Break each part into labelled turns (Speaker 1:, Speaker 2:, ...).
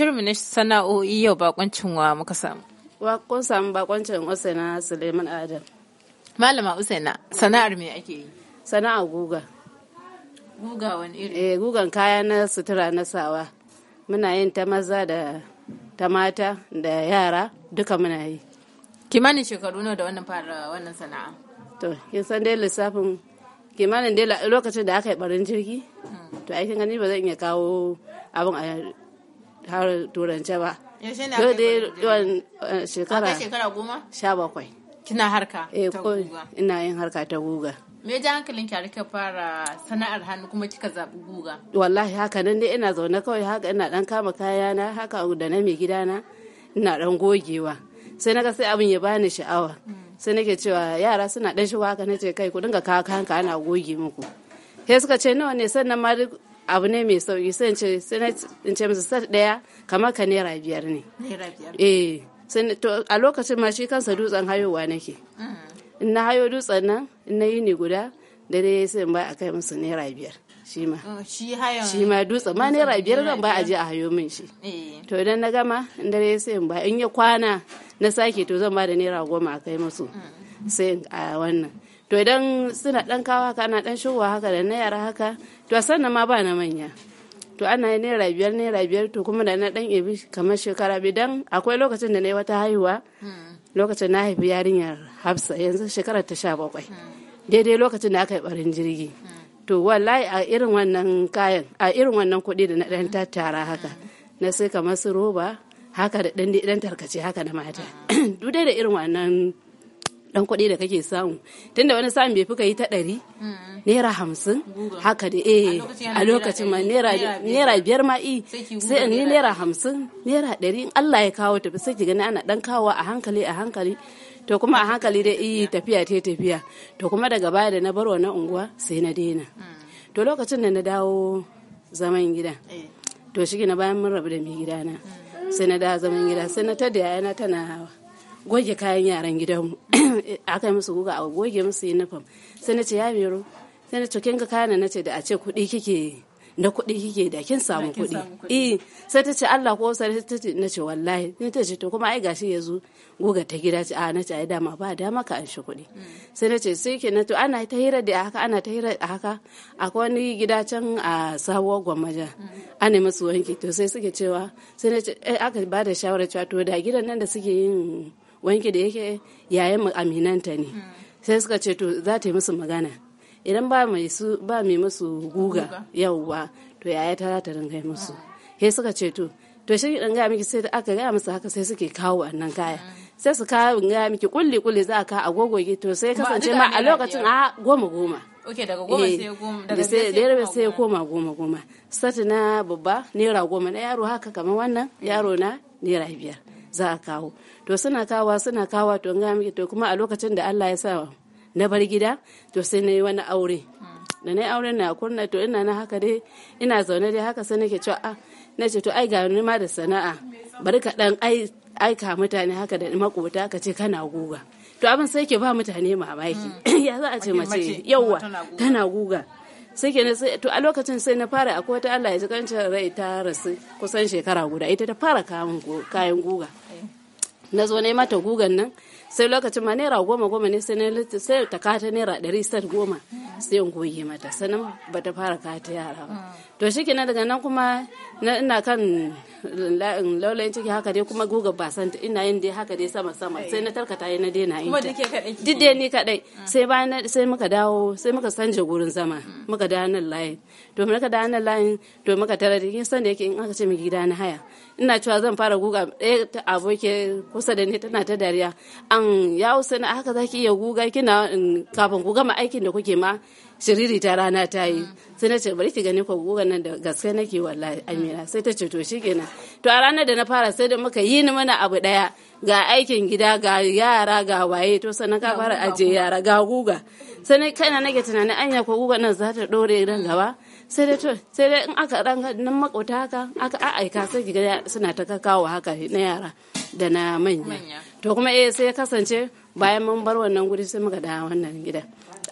Speaker 1: shirinmu ne sana'o'i yau bakoncin wa muka samu.
Speaker 2: Kun samu bakoncin Usaina Suleiman Adam. Malama Usaina, sana'ar me ake yi? sana'a guga. Guga wani iri? Eh, gugan kaya na sutura na sawa. Muna yin ta maza da ta mata da yara duka muna yi.
Speaker 1: Kimanin shekaru nawa da wannan fara wannan sana'a?
Speaker 2: To, kin san dai lissafin kimanin dai lokacin da aka yi barin jirgi? Hmm. To, aikin gani ba zan iya kawo abin a har turance ba
Speaker 1: yaushe ne aka
Speaker 2: shekara shekara goma sha bakwai kina harka ta guga ina yin harka ta guga
Speaker 1: me ji hankalin ki rika fara sana'ar hannu kuma kika zaɓi guga
Speaker 2: wallahi haka nan dai ina zaune kawai haka ina dan kama kayana haka da na mai gidana ina dan gogewa sai naga sai abin ya bani sha'awa sai nake cewa yara suna dan shigo haka ce kai ku dinga kawo kanka ana goge muku sai suka ce nawa ne sannan ma duk abu ne mai sauki sai in ce musu sat daya kamar ka naira biyar ne eh to a lokacin ma shi kansa dutsen hayowa nake mm. in na hayo dutsen nan in na yi ne guda da dai sai in ba a kai musu naira biyar shi ma
Speaker 1: mm, shi ma dutsen ma naira biyar zan ba a je a hayo min shi eh.
Speaker 2: to idan na gama in ya sai in ba in ya kwana na sake to zan ba da naira goma a kai musu mm. sai a wannan to idan suna dan kawo haka ana dan shigowa haka da na yara haka to sannan ma ba na manya to ana yi naira biyar naira biyar to kuma da na dan ebi kamar shekara biyu dan akwai lokacin da na yi wata haihuwa hmm. lokacin na haifi yarinyar hafsa yanzu shekarar ta sha bakwai hmm. daidai lokacin da aka yi barin jirgi hmm. to wallahi a irin wannan kayan a irin wannan kuɗi da na dan tattara haka na sai kamar su roba haka da dan dan tarkace haka na mata duk da irin wannan dan kuɗi da kake samu tunda wani sami bai fi ka yi ta ɗari mm-hmm. naira hamsin haka da eh a lokacin ma naira biyar ma i sai in yi naira hamsin naira ɗari in Allah ya kawo tafi sai ki gani ana dan kawo a hankali a hankali to kuma a hankali dai iya tafiya ta tafiya to kuma daga baya da na bar wannan unguwa sai na daina mm. to lokacin da na dawo zaman gida eh. to shi na bayan mun rabu da mai gidana mm. sai na dawo zaman gida sai na tada yana tana hawa. goge kayan yaran gidanmu aka yi musu guga a goge musu uniform sai na ce ya biro sai na ce kin ga kayan na ce da a ce kuɗi kike na kuɗi kike da kin samu kuɗi eh sai ta ce Allah ko sai ta ce na ce wallahi ni ta ce to kuma ai gashi yazo goga ta gida ce a na ce ai dama ba dama ka an shi kuɗi mm. sai na ce sai na to ana ta hira da haka ana ta hira da haka akwai wani gida can a sawo gwamaja mm. ana musu wanki to sai suke cewa sai na ce eh, aka ba da shawara cewa to da gidan nan da suke yin wanke da yake yayan aminanta ne hmm. sai suka ce to za ta yi musu magana idan ba mai su ba mai musu guga yawwa to yaya ta za ta ringa musu sai hmm. suka ce to to shi dan ga miki sai aka ga musu haka sai suke kawo wannan kaya hmm. sai su kawo ga miki kulli kulli za ka ki to sai kasance ma a lokacin a goma goma
Speaker 1: Oke daga goma sai goma daga sai
Speaker 2: sai ya koma goma goma. Sati na babba naira goma na yaro haka kamar wannan eh. yaro na naira biyar. za a kawo to suna kawa suna kawa to ga miki to kuma a lokacin da Allah ya sa na bar gida to sai na yi wani aure da na yi aure na kurna to ina na haka dai ina zaune dai haka sai nake cewa a ah, na ce to ai ga ni ma da sana'a bari ka dan ai aika mutane haka da makota ka ce kana guga to abin sai ke ba mutane mamaki mm. ya za a ce mace yauwa tana guga sai kenan sai to a lokacin sai na fara akwai wata Allah ya ji kancin rai ta rasu kusan shekara guda ita ta fara kayan guga na zo ne mata gugan nan sai lokacin ma naira goma goma ne sai sai ta kata naira ɗari sai goma sai in goge mata sannan ba ta fara kata yara ba to shi na daga nan kuma na ina kan laulayin ciki haka dai kuma guga basan ina yin dai haka dai sama sama sai na tarkata yi na na yin ta duk dai ni kadai sai bayan sai muka dawo sai muka sanje gurin zama muka dawo nan layin to muka dawo nan layin to muka tare da kin san da yake in aka ce mu gida na haya ina cewa zan fara guga ɗaya aboke kusa da ni tana ta dariya an an ya usaina haka zaki iya guga kina kafin ku gama aikin da kuke ma shiriri ta rana ta yi sai na ce bari ki gani ko guga nan da gaske nake wallahi amina sai ta ce to shikenan to a ranar da na fara sai da muka yi ni mana abu daya ga aikin gida ga yara ga waye to sannan ka fara aje yara ga guga sai kaina nake tunanin anya ko guga nan za ta dore nan gaba sai dai to sai dai in aka ɗan nan makota haka aka aika sai kiga suna ta kakawa haka na yara da na manya to kuma eh sai ya kasance bayan mun bar wannan guri sai muka da wannan gida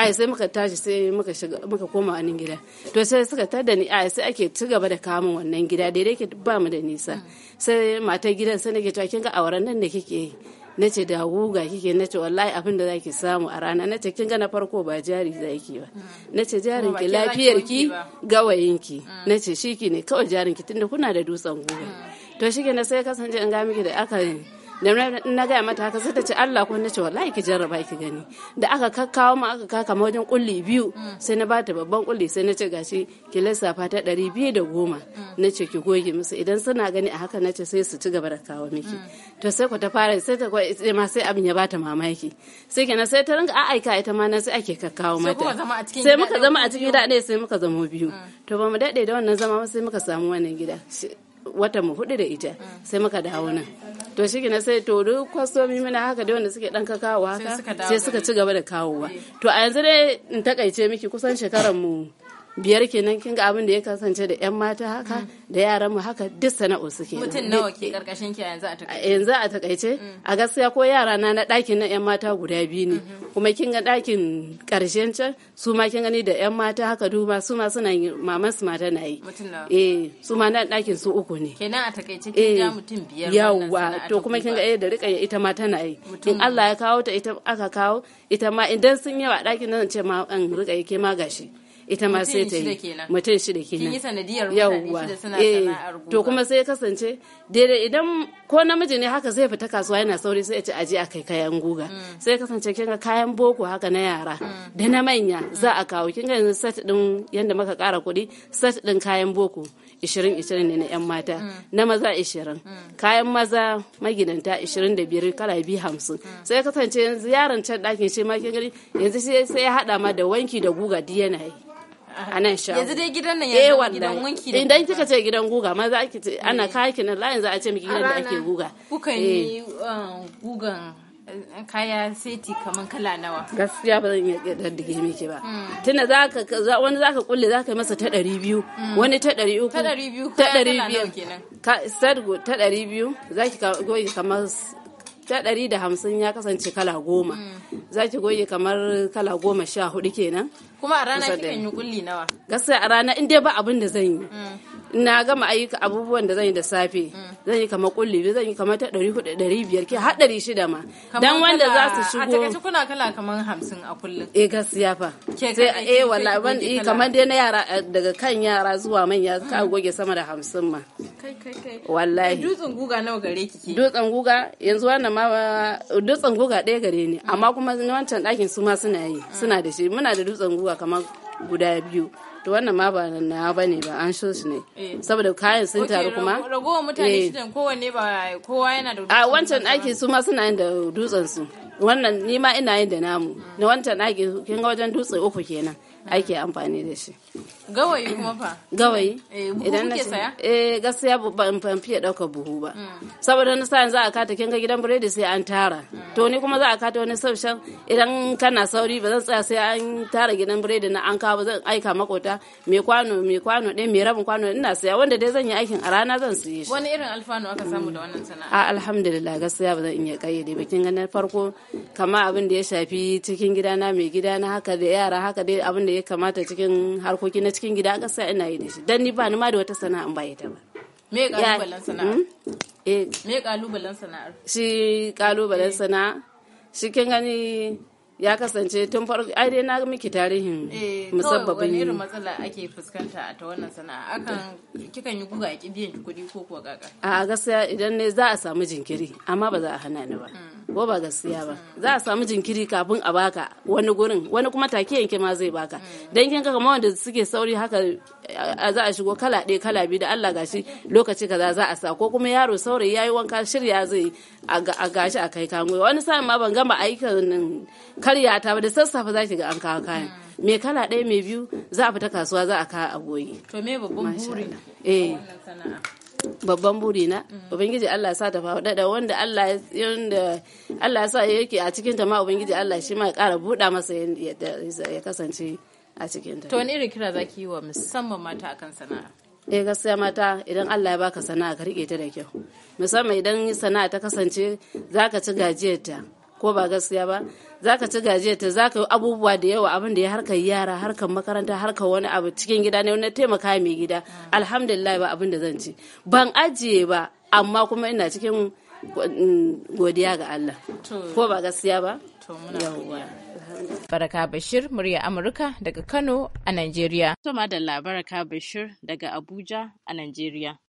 Speaker 2: ai sai muka tashi sai muka shiga muka koma wannan gida to sai suka tada ni ai sai ake ci gaba da kamun wannan gida daidai ke ba mu da nisa mm. sai matar gidan sai nake cewa kin ga auren nan da kike yi na ce guga guga kike na ce wallahi abin da zaki samu a rana na ce kin ga na farko ba jari zaki ba na ce jarin ki lafiyar ki gawayin ki mm. na ce shiki ne kawai jarin ki tunda kuna da dutsen guga mm. to shike na sai kasance in ga miki da aka da na gaya mata haka sai ta ce Allah ko na ce wallahi ki jarraba ki gani da aka kakkawo mu aka kaka ma wajen kulli biyu sai na bata babban kulli sai na ce gashi ki lissafa ta ɗari biyu da goma na ce ki goge musu idan suna gani a haka na ce sai su ci gaba da kawo miki to sai ku ta fara sai ta kai ma sai abin ya bata mamaki sai kenan sai ta ringa aika ita ma na sai ake kakkawo mata sai muka zama a cikin gida ne sai muka zama biyu to ba mu dade da wannan zama sai muka samu wannan gida Wata mu hudu da ita sai muka dawo nan to shi na sai to duk kwastomi mana haka da wanda suke dan kawo haka sai suka ci gaba da kawowa to a yanzu dai in takaice miki kusan shekarar mu biyar kenan kinga abin da ya kasance da yan mata haka da yaran mu haka duk sana'o suke mutum nawa ke
Speaker 1: karkashin ki yanzu a takaice
Speaker 2: yanzu a takaice a gaskiya ko yara na na ɗakin na yan mata guda biyu ne mm-hmm. kuma kin ga ɗakin ƙarshen can su ma kin gani da yan mata haka duba su ma suna yi maman su mata na yi eh su ma na ɗakin su uku ne kenan a takaice kin ja eh, mutum biyar yawa to kuma kin ga eh da rika ita ma tana yi in Allah ya kawo ta ita aka kawo ita ma idan sun yawa ɗakin nan ce ma an rika yake ma gashi ita ma sai ta yi mutum shida kenan kin yi sanadiyar mutane shida suna eh, sana'ar to kuma sai kasance daidai idan ko namiji ne haka zai fita kasuwa yana sauri sai ya ce aje a kai kayan guga mm. sai kasance kin ga kayan boko haka na yara mm. da na manya za a kawo kin ga yanzu set din yanda muka kara kuɗi set din kayan boko 20-20 ne na 'yan mata mm. na maza 20 kayan maza magidanta 25 kala biyu hamsin sai kasance yanzu yaron can ɗakin shi ma kin yanzu sai ya haɗa ma da wanki da guga duk yana yi a nan shago yanzu dai gidan nan yanzu eh, gidan wanki da idan kika ce gidan guga ma za ki ana eh. kawo nan layin za a ce miki gidan da ake guga kuka eh. yi
Speaker 1: um, gugan kaya seti
Speaker 2: kaman kala nawa gaskiya ba zan iya daddige miki ba hmm. tunda zaka wani ka kulle zaka masa ta biyu. Hmm. wani ta uku ta biyu ta 200 kenan ta 200 zaki kamar ta ɗari da hamsin ya kasance kala goma mm. za ki goge kamar kala goma sha hudu kenan kuma a rana kikan yi kulli nawa gaskiya a rana in dai ba abin da zan yi mm. na gama ayyuka abubuwan da zan yi da safe zan yi kamar kulli zan yi kamar ta ɗari hudu ɗari biyar ke har ɗari shida ma dan wanda za su shigo a takaice
Speaker 1: kuna kala kamar hamsin a kullum
Speaker 2: eh gaskiya fa sai eh wala ban eh kamar dai na yara eh, daga kan yara zuwa manya ka goge sama da hamsin ma
Speaker 1: kai kai kai wallahi dutsen
Speaker 2: guga nawa gare kike ke dutsen guga yanzu wannan ma dutsen guga ɗaya gare ni mm. amma kuma wancan ɗakin su ma suna yi suna da shi muna da dutsen guga kamar guda biyu to wannan ma ba na ba ne ba an shi ne eh. saboda kayan sun taru kuma ragowar mutane eh. shidan
Speaker 1: kowanne ba kowa yana da a wancan aiki su ma
Speaker 2: suna yin da dutsen su wannan ni ma ina yin da namu na wancan aiki kin ga wajen dutse uku kenan ake amfani da shi
Speaker 1: gawayi kuma fa gawayi eh, idan na saya
Speaker 2: eh gaskiya ban ban fiye dauka buhu ba hmm. saboda na sa za a kata kin ga gidan biredi sai an tara to ni kuma za a kata wani saushen idan kana sauri ba zan tsaya sai an tara gidan biredi na an kawo zan aika makota me kwano me kwano ɗaya me rabin kwano ina saya wanda dai zan yi aikin a rana zan siye shi wani irin alfanu aka samu da wannan sana'a alhamdulillah gaskiya ba zan iya kayyade ba kin ga na farko kama abin da ya shafi cikin gidana mai gidana haka da yara haka dai abin da ya kamata cikin harkoki na cikin gida ƙasa ina yi da shi dan ni ba ni ma da wata sana'a ba ita ba me kalubalen sana'ar hmm? eh me kalubalen sana'ar shi kalubalen eh. sana'a shi kin gani ya kasance tun farko ai dai na miki tarihin eh, musabbabin wani irin matsala
Speaker 1: ake fuskanta a ta wannan sana'a akan kikan yi guga a biyan kuɗi ko kuwa kaka
Speaker 2: a gaskiya idan ne za a samu jinkiri amma ba za a hana ni ba hmm. ko ba gaskiya ba za a samu jinkiri kafin a baka wani gurin wani kuma take yanke ma zai baka dan kin kamar wanda suke sauri haka eh, za a shigo kala ɗaya kala biyu da Allah gashi lokaci kaza za a sa ko kuma yaro saurayi yayi wanka shirya zai a gashi a kai kango wani sa'in ma ban gama aikin karya ta ba da sassafe za ga an kawo kayan me kala ɗaya me biyu za a fita kasuwa za a kawo agoyi to me babban buri eh babban buri na ubangiji Allah sa ta faɗa da wanda Allah ya Allah sa yake a cikin ta ma ubangiji Allah shi ma ya kara buɗa masa ya kasance a cikin ta to wani
Speaker 1: irin kira zaki yi wa musamman mata akan sana'a
Speaker 2: eh gaskiya mata idan Allah ya baka sana'a ka rike ta da kyau musamman idan sana'a ta kasance zaka ci gajiyar ta ko ba gaskiya ba zaka ci gajiyarta zaka yi abubuwa da yawa abin da ya harkar yara harkar makaranta harka wani abu cikin gida ne na taimaka mai gida alhamdulillah ba abin da zan ci ban ajiye ba amma kuma ina cikin mm, godiya ga Allah ko ba gaskiya ba Baraka Bashir murya Amurka daga Kano a Najeriya. Tuma da
Speaker 1: labaraka Bashir daga Abuja a Najeriya.